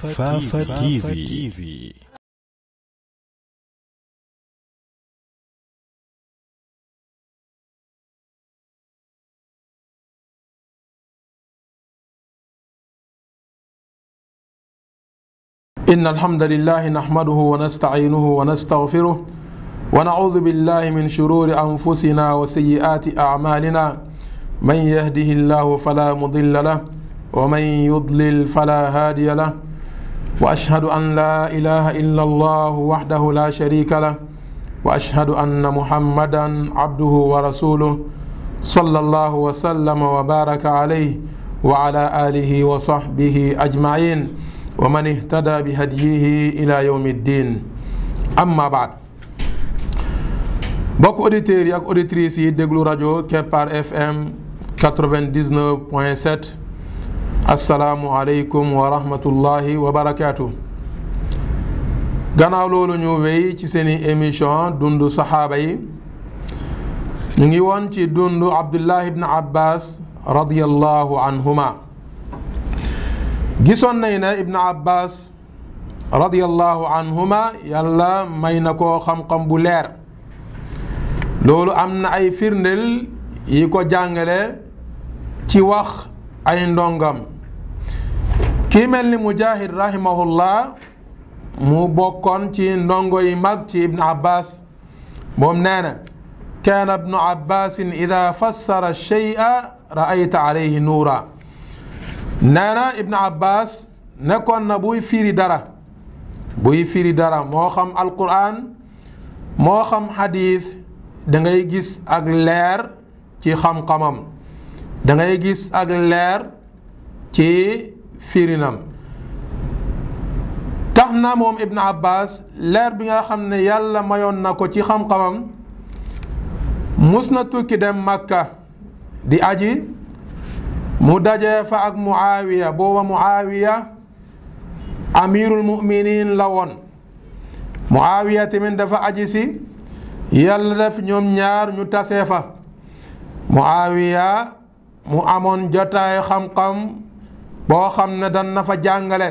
Fafa TV. إن الحمد لله نحمده ونستعينه ونستغفره ونعوذ بالله من شرور أنفسنا وسيئات أعمالنا من يهده الله فلا مضل له ومن يضلل فلا هادي له واشهد ان لا اله الا الله وحده لا شريك له واشهد ان محمدا عبده ورسوله صلى الله وسلم وبارك عليه وعلى اله وصحبه اجمعين ومن اهتدى بهديه الى يوم الدين اما بعد mbokk auditeurs yi ak auditrices yi déglu rajo Kepar FM 99.7 asalaamualeykum wa rahmatullahi wa barakaatu. gannaaw loolu ñu wéy ci seeni émission dundu saxaaba yi ñu ngi woon ci dundu Abdullahi ibn Abbas radiyallahu anhuma gisoon nañ ne Ibn Abbas radiyallahu anhuma yàlla may na ko xam bu leer loolu am na ay firndeel yi ko jàngale ci wax ay ndongam kii mel ni Mujaahid rahimahullah mu bokkoon ci ndongo yi mag ci Ibn Abbas moom nee na kaana Ibnu Abbasin ida fassara shay'a ra'ayta nuura nee na Ibn Abbas nekkoon na buy firi dara buy firi dara moo moo xam xadiis da ngay gis ak leer ci xam-xamam da ngay gis ak leer ci. firinam tax na moom Ibn Abbas leer bi nga xam ne yàlla mayoon na ko ci xam-xamam mus na tukki dem Makka di aji mu dajee fa ak Muawiya booba Muawiya amirul muminin la woon Muawiya tamit dafa aji si yàlla def ñoom ñaar ñu tase fa Muawiya mu amoon jotaay xam-xam boo xam ne dan na fa jàngale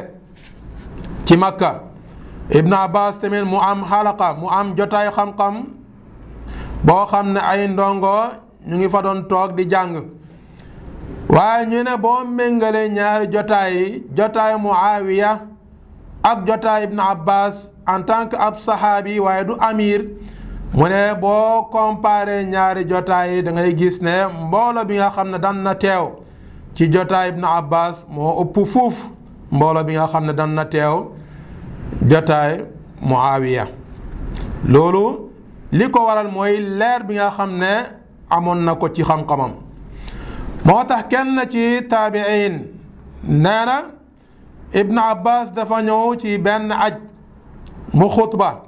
ci makka ibn abbas tamit mu am xalaqa mu am jotaay xam-xam boo xam ne ay ndongo ñu ngi fa doon toog di jàng waaye ñu ne boo méngale ñaari jotaay yi mu awiya ak jotaay ibn abbas en tant que ab saxaabi waaye du amir mu ne boo comparé ñaari jotaay yi da gis ne mboolo bi nga xam ne dan na teew ci jotaay ibnu abbas moo ëpp fuuf mbooloo bi nga xam ne dan na teew jotaay muawiya loolu li ko waral mooy leer bi nga xam ne amoon na ko ci xam-xamam moo tax kenn ci taabiin nee na ibnu dafa ñëw ci benn aj mu xutba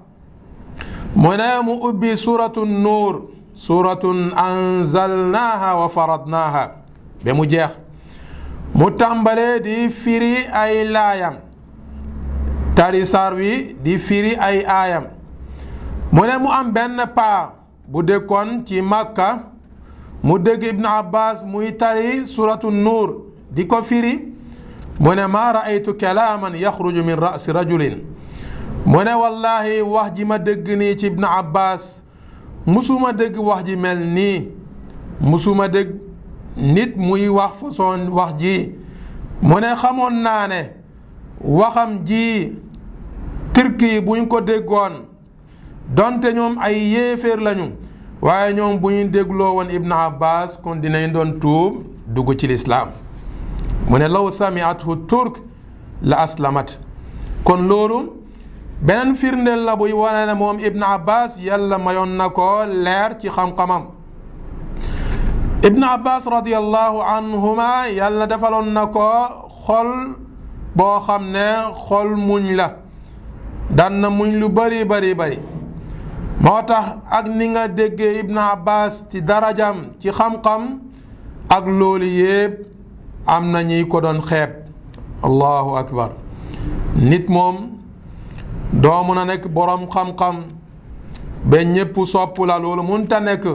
mu ne mu ubbi suuratu nuur suuratun anzalnaaha wa faradnaaha ba mu jeex mu tàmbalee di firi ay laayam tari saar wi di firi ay aayam mu ne mu am benn paa bu dëkkoon ci Makka mu dégg Ibn Abbas muy tari suratu nuur di ko firi mu ne maa raaytu kalaaman yaxruju min rasi rajulin mu ne wallahi wax ji ma dégg nii ci Ibn Abbas musuma dégg wax ji mel nii musuma dégg nit muy wax façon wax ji mu ne xamoon naa ne waxam ji turki buñ ko déggoon donte ñoom ay yéeféer lañu waaye ñoom bu ñu dégloo woon Ibn Abbas kon dinañ doon tuub dugg ci lislaam mu ne law samiathu turk la aslamat kon loolu beneen firndeel la buy wane ne moom Ibn Abbas yàlla mayoon na ko leer ci xam-xamam ibn abbas radiallahu anhuma yàlla defaloon na ko xol boo xam ne xol muñ la daan na muñ lu bari bari bari moo tax ak ni nga déggee ibn abbas ci darajam ci xam-xam ak loolu yépp am na ñuy ko doon xeeb allahu akbar nit moom doo mun a nekk boroom xam-xam ba ñépp sopp la loolu munta nekk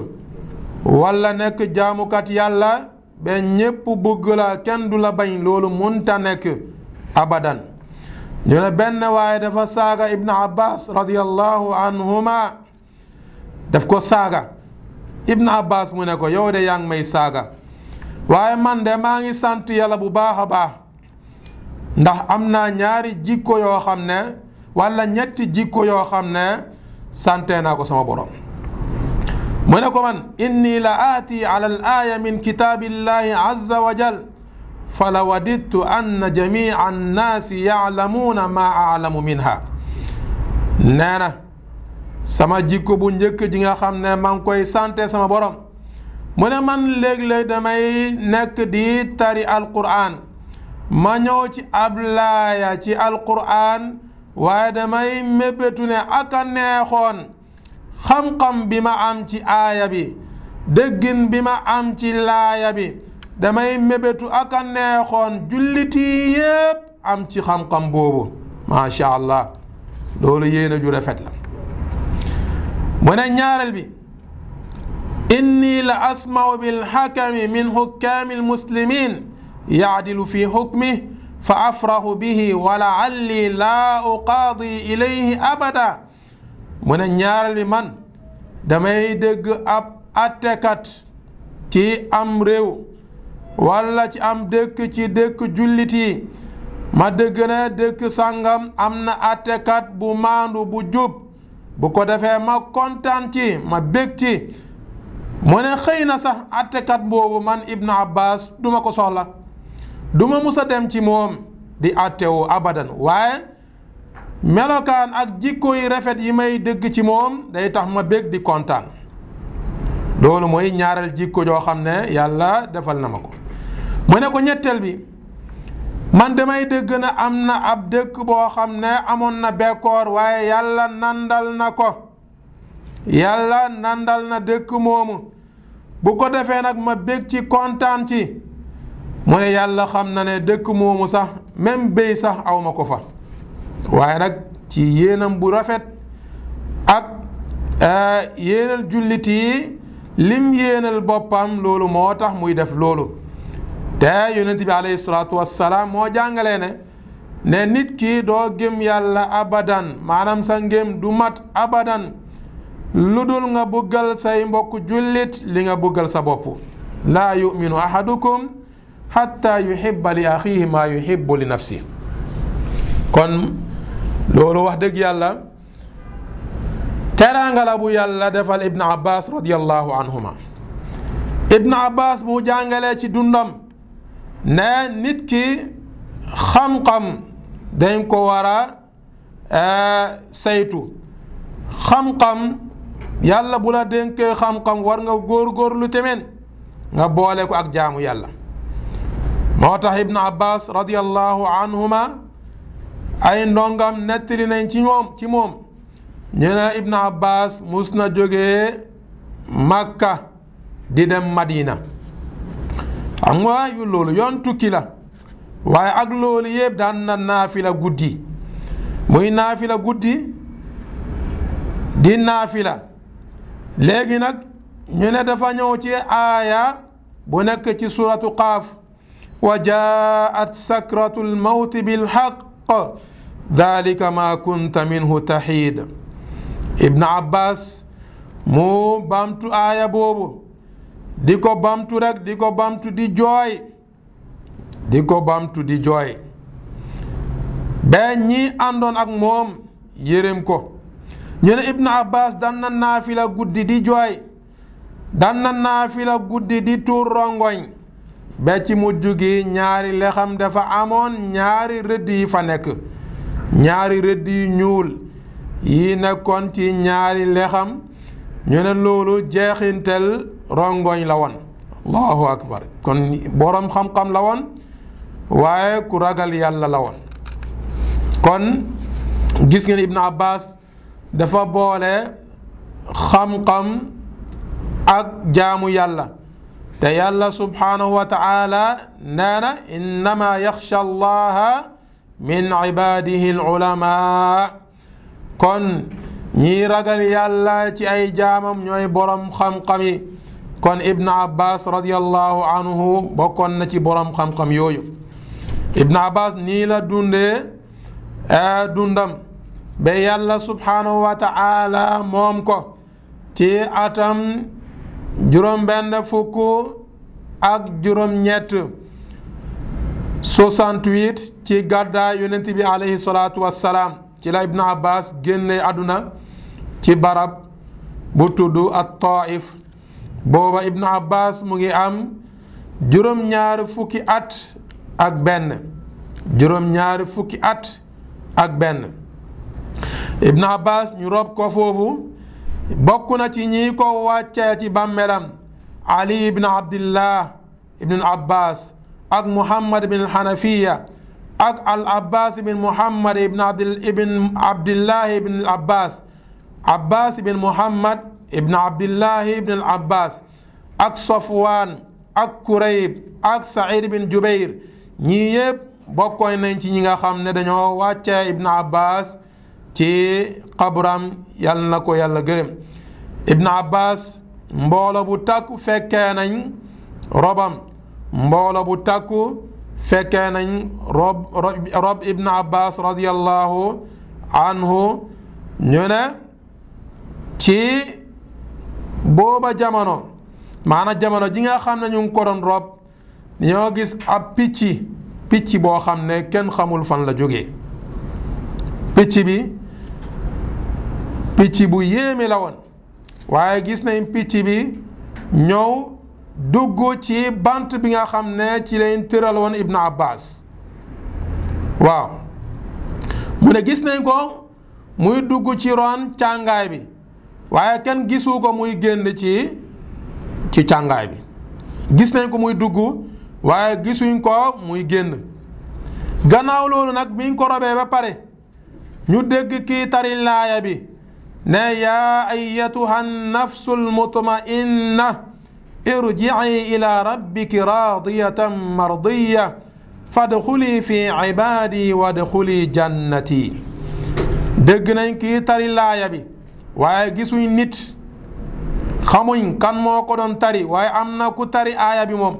walla nekk jaamukat yàlla ba ñépp bëgg la kenn du la bañ loolu mënta nekk abadan ñu ne benn waaye dafa saaga ibn abbas radiallahu anhuma daf ko saaga ibn abbas mu ne ko yow de yaa ngi may saaga waaye man de maa ngi sant yàlla bu baax a baax ndax am naa ñaari jikko yoo xam ne walla ñetti jikko yoo xam ne sante naa ko sama boroom mu ne ko man inni la aati ala al aaya min azza wa jal fa la wadidtu anna jamia annaasi yaalamuuna maa minha nee sama jikko bu njëkk jinga nga xam ne maa koy sante sama borom mune man léeg-léeg damay nekk di tari alqur'an ma ñëw ci ab laaya ci alqur'an waaye damay mébétu ne aka neexoon xam-xam bi ma am ci aaya bi déggin bi ma am ci laaya bi damay mébétu ak a neexoon julliti yépp am ci xam-xam boobu macha allah loolu yéen a ju rafet la mu ne ñaareel bi inni la asmau bilxakami min xukkaami almuslimin yaadilu fi xukmi fa afrahu bihi wa laalli laa uqaadi ilayhi abada mu ne ñaareel bi man damay dégg ab attekat ci am réew walla ci am dëkk ci dëkk jullit yi ma dégg ne dëkk sàngam am na attekat bu maandu bu jub bu ko defee ma kontaan ci ma bég ci mu ne xëy na sax attekat boobu man Ibn Abbas duma ko soxla duma musa dem ci moom di attewu abadan waaye melokaan ak jikko yi rafet yi may dëgg ci moom day tax ma bég di kontaan loolu mooy ñaareel jikko joo xam ne yàlla defal na ma ko mu ne ko ñetteel bi man damay dëgg na am na ab dëkk boo xam ne amoon na bekkoor waaye yàlla nàndal na ko yàlla nàndal na dëkk moomu bu ko defee nag ma bég ci kontaan ci mu ne yàlla xam na ne dëkk moomu sax même béy sax awma ko fa waaye nag ci yéenam bu rafet ak eh, yéenal jullit yi lim yéenal boppam loolu moo tax muy def loolu te yonent bi alayhi salaatu wassalaam moo jàngale ne ne nit ki doo gëm yàlla abadan maanaam sa ngëm du mat abadan lu dul nga buggal say mbokk jullit li nga bëggal sa bopp laa yuminu ahadukum hatta yuhibba li axihi maa yuhibbu nafsi kon loolu wax dëgg yàlla teraanga la bu yàlla defal Ibn Abbas radiyallahu anhuma Ibn Abbas bu jàngalee ci dundam ne nit ki xam-xam dañ ko war a eh, saytu xam-xam yàlla bula la dénkee xam-xam war nga lu tamit nga boole ko ak jaamu yàlla moo tax Ibn Abbas radiyallahu anhuma ay ndongam nettali nañ ci moom ci moom ñu ne Ibn Abbas mus na jóge Makka di dem Madina xam nga yu loolu yoon tukki la waaye ak loolu yëpp daan na naafila guddi muy naafila guddi di naafila léegi nag ñu ne dafa ñëw ci aaya bu nekk ci suratu qaaf wa jaat sakratu lmawti bilxaq الحق ذلك ما كنت منه تحيد Ibn Abbas di ko bamtu di ko di jooy di ko bamtu ñi àndoon ak moom yërëm ko ñu ne Ibn Abbas dan na naafila guddi di jooy dan na naafila guddi di tuur ba ci mujj gi ñaari lexam dafa amoon ñaari rëdd yi fa nekk ñaari rëdd yi ñuul yi nekkoon ci ñaari lexam ñu ne loolu jeexintel rongoñ la woon allahu akbar kon boroom xam-xam la woon waaye ku ragal yàlla la woon kon gis ngeen Ibn Abbas dafa boole xam-xam ak jaamu yàlla te yàlla subhaanahu wa taala nee na innama yaxsha allaha min ibadihi al ulama yàlla ci ay jaamam ñooy borom xam-xami kon ibn abbas radiallahu anhu bokkoon na ci borom xam yooyu ibn abbas nii dundee dundam ba yàlla subhaanahu wa taala moom ko ci atam juróom benn fukk ak juróom ñett 68 ci gàddaay yonent bi aleyhi salaatu wassalaam ci la ibnu abbas génne àdduna ci barab bu tudd ak taif booba ibnu abbas mu ngi am juróom-ñaari fukki at ak benn juróom-ñaari ñu rob ko foofu bokk na ci ñi ko wàccee ci bàmmeelam ali ibn abdillah ibn abbas ak muhammad ibn hanafiya ak al abbas ibn muhammad ibn abd ibn abdillah ibn ak sofwaan ak kurayb ak said ibn jubair ñii yëpp nañ ci ñi nga xam ne dañoo wàccee ibn abbas ci xabram yàlla na ko yàlla gërëm ibn abbas mboolo bu tàkku fekkee nañ robam mboolo bu tàkku fekkee nañ rob rob ibn abbas radiallahu anhu ñu ne ci booba jamono maanaam jamono ji nga xam nañu ñu ngi ko doon rob ñoo gis ab picc picc boo xam ne kenn xamul fan la jóge picc bi picc bu yéeme la woon waaye gis nañ picc bi ñëw dugg ci bant bi nga xam ne ci lañ tëral woon Ibn Abbas waaw mu ne gis nañ ko muy dugg ci ron càngaay bi waaye kenn gisu ko muy génn ci ci càngaay bi gis nañ ko muy dugg waaye gisuñ ko muy génn gannaaw loolu nag biñ ko robee ba pare ñu dégg kii tariñ laaya bi ne yaa ayyatuha nafsu almutma'inna irji'i ila rabbiki raadiyatan mardiya fadxuli fi ibaadi wadxuli jannati dégg nañ kii tari laaya bi waaye gisuñ nit xamuñ kan moo ko doon tari waaye am na ku tari aaya bi moom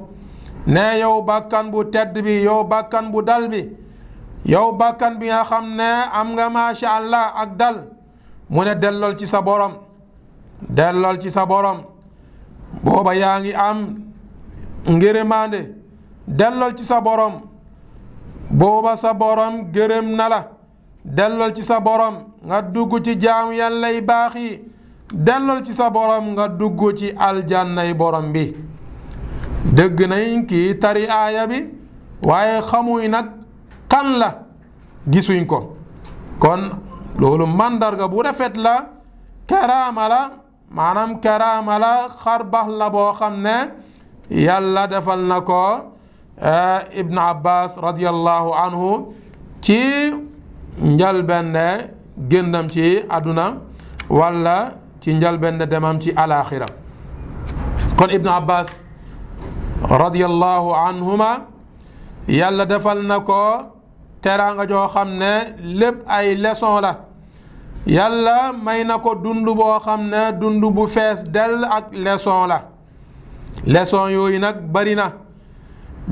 ne yow bakkan bu tedd bi yow bàkkan bu dal bi yow bàkkan bi nga xam ne am nga macha allah ak dal mu ne dellool ci sa borom dellool ci sa borom booba yaa ngi am ngërëmaande dellool ci sa borom booba sa borom gërëm na la dellool ci sa borom nga dugg ci jaamu yàlla baaxi baax dellool ci sa borom nga dugg ci aljannay borom bi dëgg nañ kii tari aaya bi waaye xamuñ nag kan la gisuñ ko kon loolu mandarga bu rafet la karaama la maanaam karaama la xar baax la boo xam ne yàlla defal na ko eh, Ibn Abbas radiyallahu anhu ci njalbende génnam ci àdduna wala ci njalbende demam ci alaxira kon Ibn Abbas radiyallahu anhuma yàlla defal na ko teraanga joo xam ne lépp ay leçon la yàlla may na ko dund boo xam ne dund bu fees dell ak leçon la leson yooyu nag bari na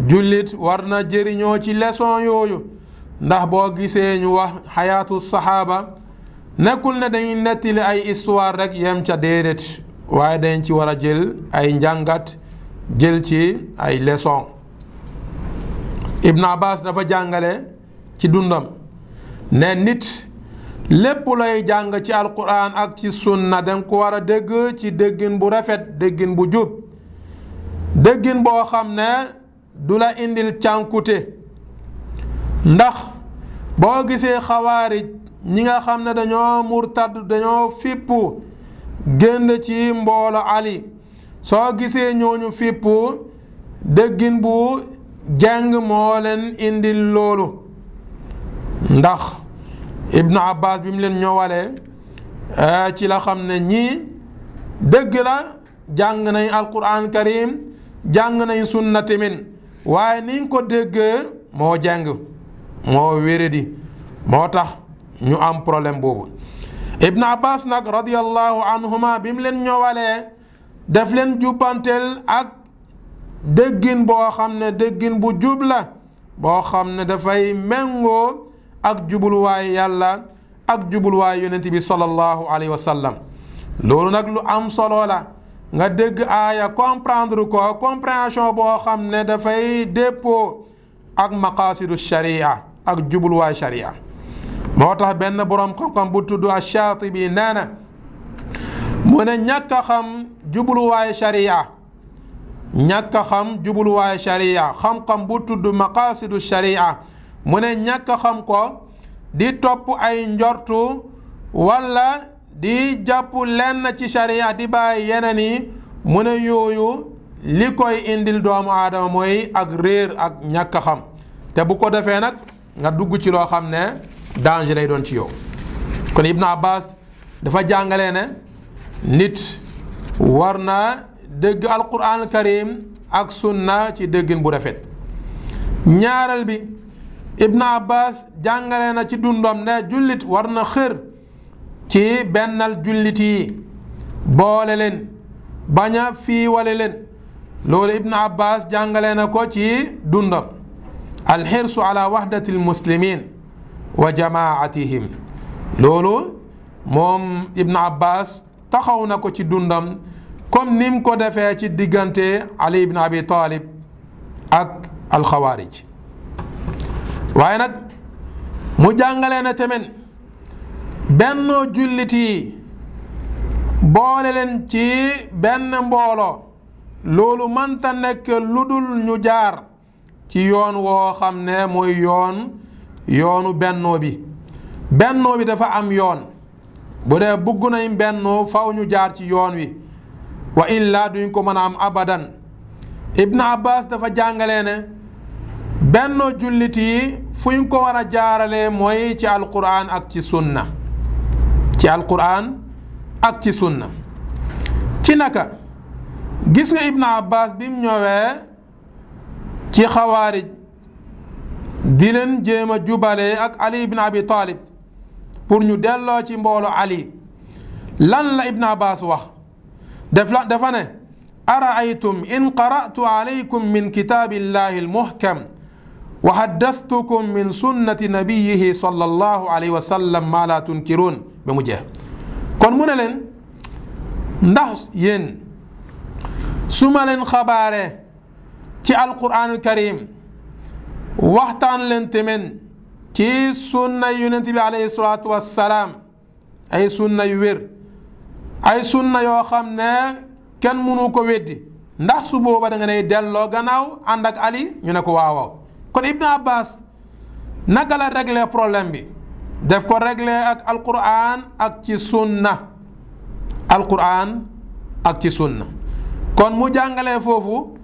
jullit war na jëriñoo ci leçon yooyu ndax boo gisee ñu wax xayaatu saxaaba nekkul ne dañuy nettali ay histoire rek yem ca déedéet waaye dañ ci war a jël ay njàngat jël ci ay leçon Ibn Abbas dafa jàngale ci dundam ne nit lépp lay jàng ci alquran ak ci sunna danga ko war a dégg ci déggin bu rafet déggin bu jub déggin boo xam ne du la indil cànkute ndax boo gisee xawaarij ñi nga xam ne dañoo murtad dañoo fippu génn ci mboolo Ali soo gisee ñooñu fippu déggin bu jàng moo leen indil loolu ndax Ibn Abbas bi mu leen ñoowalee eh, ci la xam ne ñii dëgg la jàng nañ alquran karim jàng nañ sunna tamit waaye ni ko déggee moo jàng moo wéredi moo tax ñu am problème boobu Ibn Abbas nag radiyallahu anhuma bi mu leen ñowale def leen jubbanteel ak déggin boo xam ne déggin bu jub la boo xam ne dafay méngoo ak jubluwaay yàlla ak jubluwaay yonent bi sallallahu alayhi wa sallam loolu nag lu am solo nga dégg aaya comprendre ko compréhension boo xam ne dafay dépôt ak maqaasidu sharia ak jubluwaay sharia moo tax benn boroom xam-xam bu tudd Ash-Shaatibi nee na mu ne ñàkk a xam jubluwaay sharia ñàkk a xam jubluwaay sharia xam-xam bu tudd maqaasidu sharia mu ne ñàkk xam ko di topp ay njortu walla di jàpp lenn ci sharia di bàyyi yeneen yi mu ne yooyu li koy indil doomu aadama mooy ak réer ak ñàkk xam te bu ko defee nag nga dugg ci loo xam ne danger lay doon ci yow kon Ibn Abbas dafa jàngale ne nit war na dégg alquran karim ak sunna ci déggin bu rafet ñaaral bi Ibn Abbas jàngale na ci dundam ne jullit war na xër ci bennal jullit yi boole leen bañ a Ibn Abbas jàngale na ko ci dundam alxirsu ala wahdati almuslimin wa jamaatihim loolu moom Ibn Abbas taxaw na ko ci dundam comme nim ko defee ci diggante Ali ibn Abi Talib ak alxawaarij waaye nag mu jàngale na tamit bennoo jullit yi boole leen ci benn mbooloo loolu mënta nekk lu dul ñu jaar ci yoon woo xam ne mooy yoon yoonu bennoo bi bennoo bi dafa am yoon bu dee bugg nañ bennoo faw ñu jaar ci yoon wi wa illaa duñ ko mën a am abadan Ibn Abbas dafa jàngale ne benn jullit yi fu ñu ko war a jaarale mooy ci alquran ak ci sunna ci alquran ak ci sunna ci naka gis nga ibn abbas bi mu ci xawaarij di jéema jéem jubale ak ali ibn abi talib pour ñu delloo ci mboolu ali lan la ibn abbas wax def la dafa ne araaytum in qara'tu alaykum min kitaabillahi almuhkam wa haddathtukum min sunnati nabiyihi sallallahu alayhi wa sallam maa laa tunkiruun ba mu kon mu ne leen ndax yéen su ma leen xabaare ci alquraanul karim waxtaan leen temen ci sunna yonent bi alayhi salaatu wassalaam ay sunna yu wér ay sunna yoo xam ne kenn mënu ko weddi ndax su booba da ne delloo gannaaw ànd ali ñu ne ko waawaw kon Ibn Abbas naka la problème bi def ko régler ak Alqur'an ak ci sunna Alqur'an ak ci sunna kon mu jàngale foofu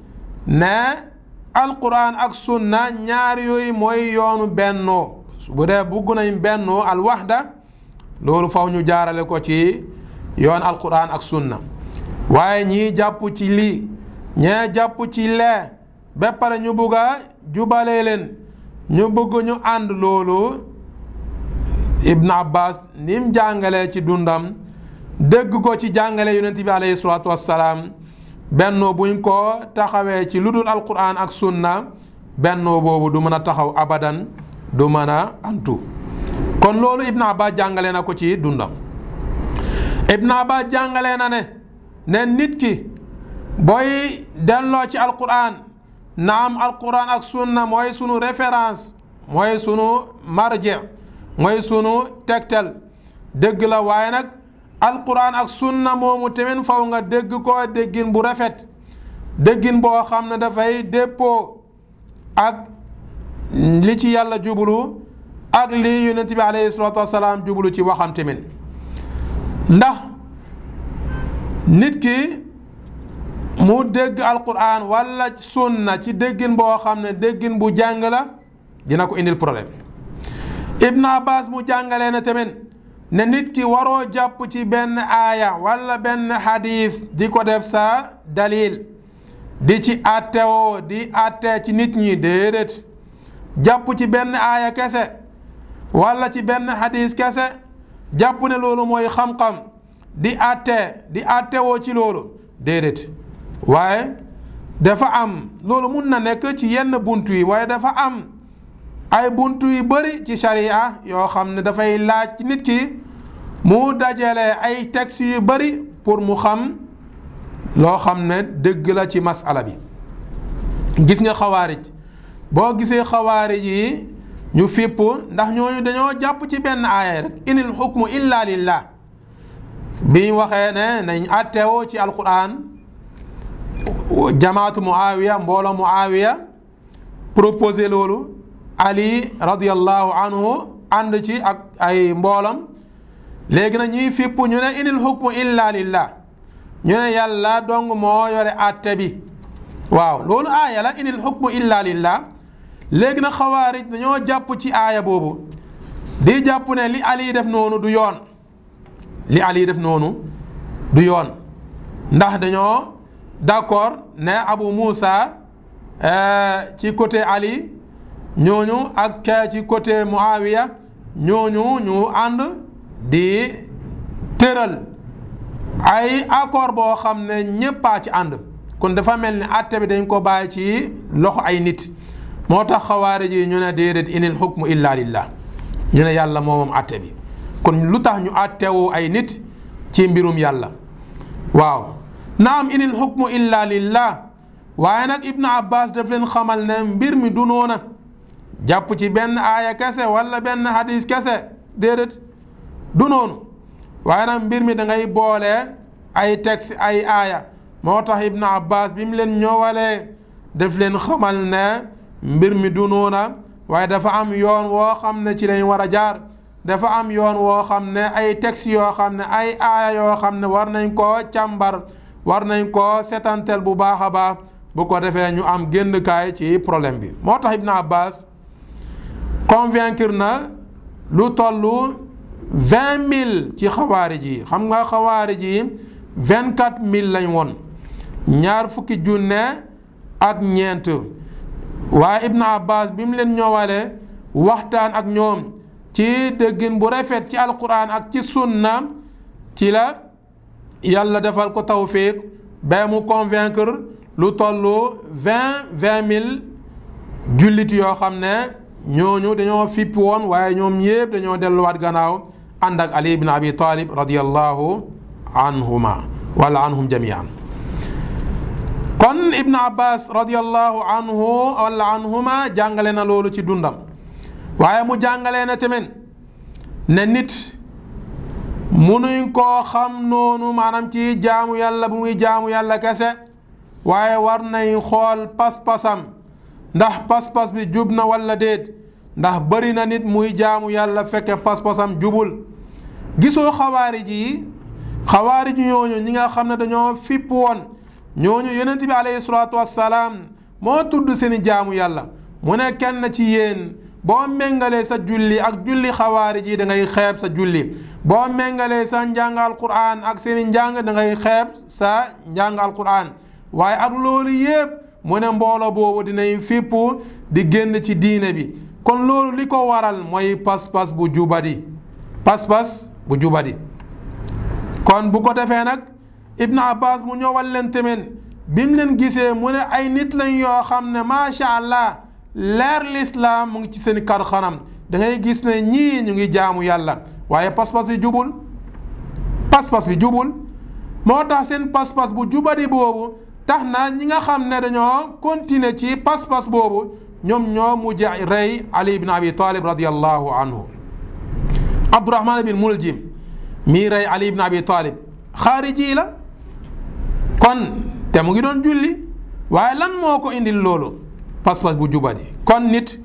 ne Alqur'an ak sunna ñaar yooyu mooy yoonu bennoo bu dee bugg nañ bennoo al waxda loolu faw ñu jaarale ko ci yoon Alqur'an ak sunna waaye ñii jàpp ci lii ñee jàpp ci lee ba pare ñu bugg jubale leen ñu bëgg ñu ànd loolu Ibn Abbas ni mu ci dundam dégg ko ci jàngale yonent bi aleyhi salaatu wassalaam bennoo buñ ko taxawee ci lu dul alquran ak sunna bennoo boobu du mën a taxaw abadan du mën a antu kon loolu Ibn Abbas jàngale na ko ci dundam Ibn Abbas jàngale na ne ne nit ki booy delloo ci alquran naam alquran ak sunna mooy sunu référence mooy sunu marje mooy sunu tegtal dëgg la waaye nag alquran ak sunna moomu tamit faw nga dégg ko déggin bu rafet dëggin boo xam ne dafay déppoo ak li ci yàlla jublu ak li yonent bi alayhi salaatu wasalaam jublu ci waxam tamit ndax nit ki mu dégg alquran wala sunna ci déggin boo xam ne déggin bu jàng la dina ko indil problème Ibn Abbas bu jàngalee na tamit ne nit ki waroo jàpp ci benn aaya wala benn hadith di ko def sa dalil di ci attewoo di atte ci nit ñi déedéet jàpp ci benn aaya kese wala ci benn hadith kese jàpp ne loolu mooy xam-xam di atte di attewoo ci loolu déedéet waaye dafa am loolu mun na nekk ci yenn buntu yi waaye dafa am ay buntu yu bari ci sharia yoo xam ne dafay laaj nit ki mu dajale ay texte yu bëri pour mu xam loo xam ne dëgg la ci masala bi gis nga xawaarij boo gisee xawaarij yi ñu fipp ndax ñooñu dañoo jàpp ci benn aaya rek inil xukmu illa lillah bi ñu waxee ne nañ àtteewoo ci alquran jamaatu muawiya mu muawiya proposé loolu ali radiyallahu anhu ci ak ay mboolam léegi nag ñuy fipp ñu ne inil hukmu illa lillah ñu ne yàlla dong moo yore àtte bi waaw loolu aa la inil hukmu illa lillah léegi nag xawaarij dañoo jàpp ci aaya boobu di jàpp na li ali def noonu du yoon li ali def noonu du yoon ndax dañoo d'accord ne Abu Moussa euh, ci côté Ali ñooñu ak euh, ci côté Muawiya ñooñu ñu ànd di tëral ay accord boo xam ne ñëppaa ci ànd kon dafa mel ni atte bi dañ ko bàyyi ci loxo ay nit moo tax xawaarij ji ñu ne déedéet inil xukmu illa lillah ñu ne yàlla moomam atte bi kon lu tax ñu attewoo ay nit ci mbirum yàlla waaw naam inil xukmu illa lillah waaye nag ibnu abbas daf leen xamal ne mbir mi du noona jàpp ci benn aya kese wala benn hadis kese déedéet du noonu waaye nag mbir mi da ngay boole ay texte ay aaya moo tax ibnu abbas bi mu leen ñëwalee def leen xamal ne mbir mi du noona waaye dafa am yoon woo xam ne ci lañ war a jaar dafa am yoon woo xam ne ay texte yoo xam ne ay aaya yoo xam ne war nañ koo càmbar war nañ ko seetanteel bu baax a baax bu ko defee ñu am génn kaay ci problème bi moo tax Ibn Abbas convaincre na lu toll vingt mille ci xawaarij yi xam nga xawaare yi vingt quatre mille lañ woon ñaar fukki junne ak ñeent waaye Ibn Abbas bi mu leen ñëwalee waxtaan ak ñoom ci dëggin bu rafet ci alquran ak ci sunna ci la. yàlla defal ko tawfiq ba mu convaincre lu tollu vingt vingt mille jullit yoo xam ne ñooñu dañoo fipp woon waaye ñoom yépp dañoo delluwaat gannaaw ànd ak Ali ibn Abi Talib radiyallahu anhuma wala anhum jamian kon Ibn Abbas radiyallahu anhu wala anhuma jàngale na loolu ci dundam waaye mu jàngale na tamit ne nit mu munuñ koo xam noonu maanaam ci jaamu yàlla bu muy jaamu yàlla kese waaye war nañu xool pas-pasam ndax pas-pas bi jub na walla déet ndax bari na nit muy jaamu yàlla fekke pas-pasam jubul gisoo ji yi ji ñooñu ñi nga xam ne dañoo fipp woon ñooñu yonent bi alayhi salaatu wassalaam moo tudd seeni jaamu yàlla mu ne kenn ci yéen boo méngalee sa julli ak julli xawaarij yi dangay ngay xeeb sa julli boo mengalee sa njàng alquran ak seen i njàng da ngay xeeb sa njàng alquran waaye ak loolu yépp mu ne mbooloo boobu dinañ fipp di génn ci diine bi kon loolu li ko waral mooy pas-pas bu jubadi pas-pas bu jubadi kon bu ko defee nag Ibn Abbas mu ñëwal leen bi mu leen gisee mu ne ay nit lañ yoo xam ne macha allah leer lislaam mu ngi ci seen kar xanam da gis ne ñii ñu ngi jaamu yàlla waaye pas-pas bi jubul pas-pas bi jubul moo tax seen pas-pas bu jubadi boobu tax naa ñi nga xam ne dañoo continuer ci pas-pas boobu ñoom ñoo mujj rey Ali ibn Abi Talib radiyallahu anhu Abdurahman bin Muljim mii rey Ali ibn Abi Talib xaariji la kon te mu ngi doon julli waaye lan moo ko indi loolu pas-pas bu jubadi kon nit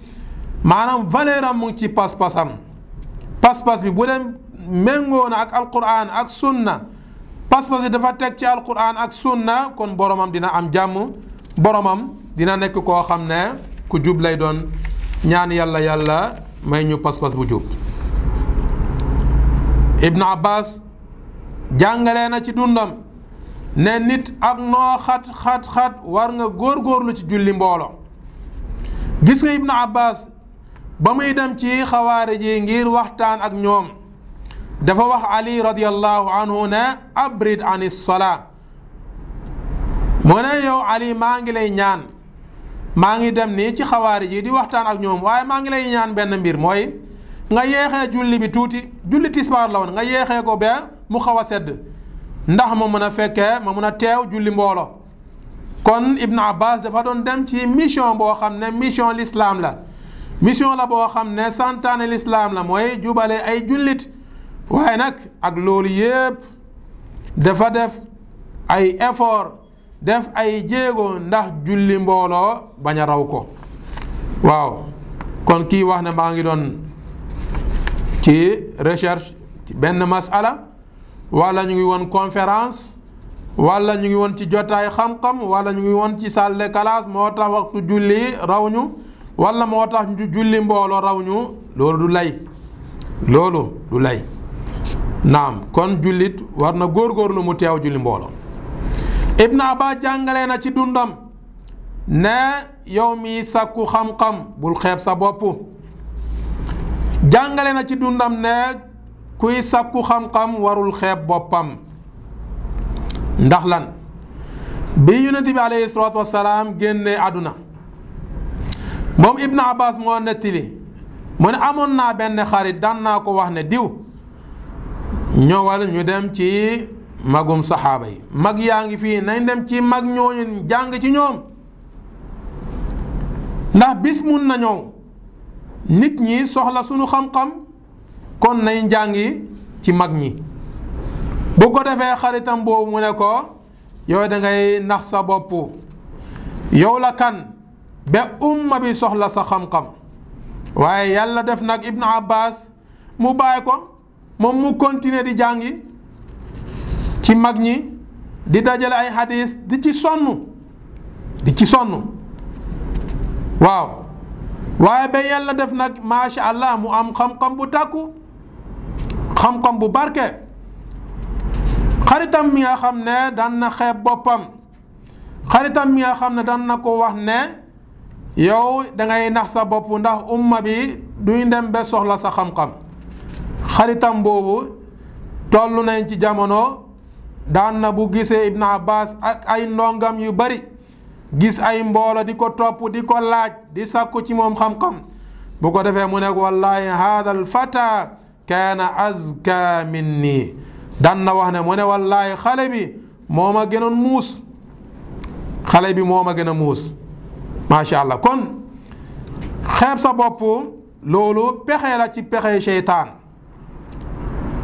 maanaam valeur mu ci pas-pasam pas-pas bi bu dem méngoo na ak alquran ak sunna pas-pas bi dafa teg ci alquran ak sunna kon boromam dina am jàmm boromam dina nekk koo xam ne ku jub lay doon ñaan yàlla yàlla may ñu pas bu jub Ibn Abbas jàngale na ci dundam ne nit ak noo xat xat xat war nga góorgóorlu ci julli mbooloo gis nga Ibn Abbas ba muy dem ci xawaarij ji ngir waxtaan ak ñoom dafa wax ali radiyallahu anhu ne abrid an issalaa mu ne yow ali maa ngi lay ñaan maa ngi dem nii ci xawaarij yi di waxtaan ak ñoom waaye maa ngi lay ñaan benn mbir mooy nga yeexee julli bi tuuti julli tisbaar la woon nga yeexee ko ba mu xaw a sedd ndax ma mën a fekkee ma mën a teew julli mboolo kon Ibn Abbas dafa doon dem ci mission boo xam ne mission l'islam la mission la boo xam ne santaane lislaam la mooy jubale ay jullit waaye nag ak loolu yépp dafa def ay effort def ay jéego ndax julli mbooloo bañ a raw ko waaw kon kii wax ne maa ngi doon ci recherche ci benn masala walla ñu ngi woon conférence wala ñu ngi woon ci jotaay xam-xam wala ñu ngi woon ci salle kalaas moo tax waxtu julli raw ñu walla moo tax ñu julli mbooloo raw ñu loolu du lay loolu du lay naam kon jullit war na góor góor lu mu teew julli mbooloo Ibn Abbas jàngale na ci dundam ne yow mi sakku xam-xam bul xeeb sa bopp jàngale na ci dundam ne kuy sàkku xam-xam warul xeeb boppam ndax lan bi yonent bi aleyhi salaatu wasalaam génnee àdduna moom Ibn Abbas moo nettali mu ne amoon naa benn xarit daan naa ko wax ne diw ñëwal ñu dem ci magum saxaaba yi mag yaa ngi fii nañ dem ci mag ñooñu jàng ci ñoom ndax bis mun na ñëw nit ñi soxla suñu xam-xam kon njàng jàngi ci mag ñi bu ko defee xaritam boobu mu ne ko yow da ngay nax sa bopp yow la kan. ba umma bi soxla sa xam-xam waaye yàlla def nag Ibn Abbas mu bàyyi ko moom mu continuer di jàngi ci mag ñi di dajale ay hadis di ci sonn di ci sonn waaw waaye ba yàlla def nag macha allah mu am xam-xam bu tàkku xam-xam bu barke xaritam mi xam ne daan na xeeb boppam xaritam mi nga xam ne daan na ko wax ne. yow dangay nax sa bopp ndax umma bi duñ dem ba soxla sa xam-xam xaritam boobu toll nañ ci jamono daan na bu gisee Ibn Abbas ak ay ndongam yu bari gis ay mboolo di ko topp di ko laaj di sàkku ci moom xam-xam bu ko defee mu nekk wallahi haada al fata kaana azka minni daan na wax ne mu ne wallahi xale bi moo ma gënoon muus xale bi moo ma gën a muus macha allah kon xeeb sa bopp loolu pexe la ci pexe seytaan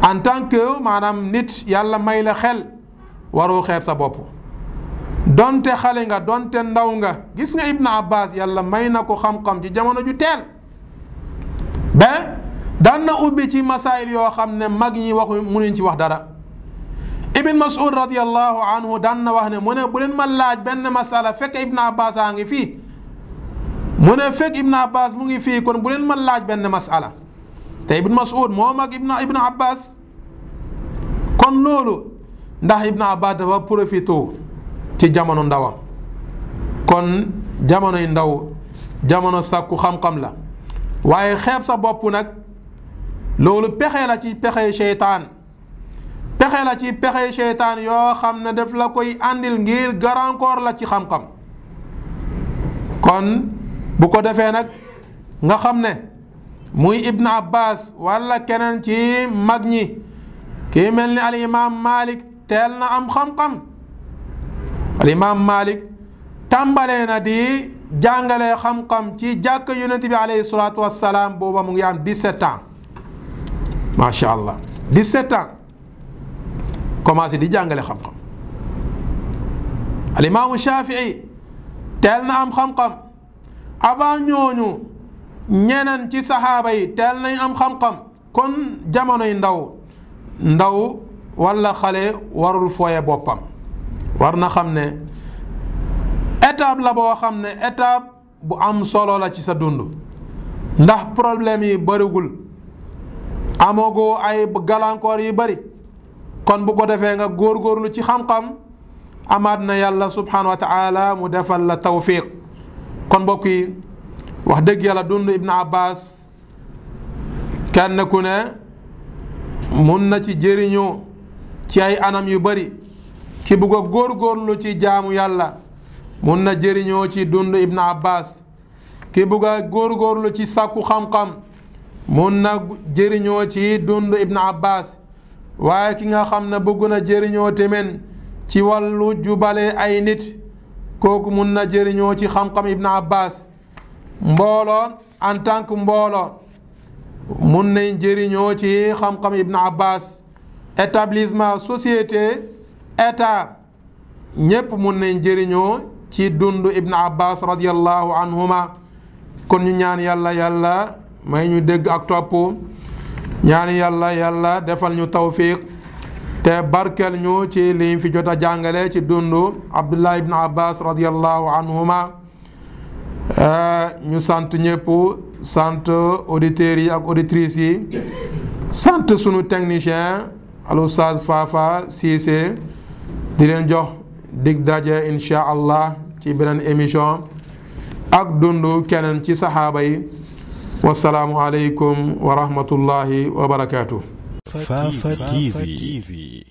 en tant que maanaam nit yàlla may la xel waroo xeeb sa bopp donte xale nga donte ndaw nga gis nga Ibn Abbas yàlla may na ko xam-xam ci jamono ju teel ba daan na ubbi ci masaayil yoo xam ne mag ñi waxu munuñ ci wax dara Ibn Mas'ud radiyallahu anhu daan na wax ne mu ne bu leen ma laaj benn fekk Ibn Abbas a ngi fii mu ne fekk Ibn Abbas mu ngi fii kon bu leen mën laaj benn masala te Ibn Mas'ud moo mag Ibn Ibn Abbas kon loolu ndax Ibn Abbas dafa profité ci jamono ndawam kon jamonoy ndaw jamono sakku xam-xam la waaye xeeb sa bopp nag loolu pexe la ci pexe seytaan pexe la ci pexe seytaan yoo xam ne daf la koy àndil ngir garankoor la ci xam-xam kon. bu ko defee nag nga xam ne muy Ibn Abbas walla keneen ci mag ñi kii mel ni alimaam Malik teel na am xam-xam alimaam Malik tàmbalee na di jàngalee xam-xam ci jàkk yonent bi alayhi salaatu wassalaam booba mu ngi am 17 ans macha allah 17 ans commencé di jàngale xam-xam alimaamu Shafii teel na am xam-xam. avant ñooñu ñeneen ci saxaaba yi teel nañ am xam-xam kon jamonoy ndaw ndaw walla xale warul fooye boppam war na xam ne étape la boo xam ne étape bu am solo la ci sa dund ndax problème yi barigul amagoo ay gàllankoor yi bari kon bu ko defee nga góor góorlu ci xam-xam amaat na yàlla subhanahu wa taala mu defal la tawfiq kon mbokk yi wax dëgg yàlla dund Ibn Abbas kenn ku ne mun na ci jëriñoo ci ay anam yu bari ki bugg a góorgóorlu ci jaamu yàlla mun na jëriñoo ci dund Ibn Abbas ki bugg a góorgóorlu ci sàkku xam-xam mun na jëriñoo ci dund Ibn Abbas waaye ki nga xam ne bëgg na jëriñoo tamit ci wàllu jubale ay nit kooku mun na jëriñoo ci xam-xam Ibn Abbas mbooloo en tant que mbooloo mun nañ jëriñoo ci xam-xam Ibn Abbas établissement société état ñépp mun nañ njëriñoo ci dund Ibn Abbas radiyallahu anhuma kon ñu ñaan yàlla yàlla may ñu dégg ak topp ñaan yàlla yàlla defal ñu tawfiq te barkel ñu ci liñ fi jot a jàngale ci dundu abdullah ibn abbas radiallahu anhuma eh, ñu sant ñëpp sant auditeurs yi ak auditrices yi sant sunu technicien al oustaz Fafa Cissé di leen jox dig daje insha allah ci beneen émission ak dundu keneen ci saxaaba yi wasalaamu aleykum wa rahmatullahi Fafa TV.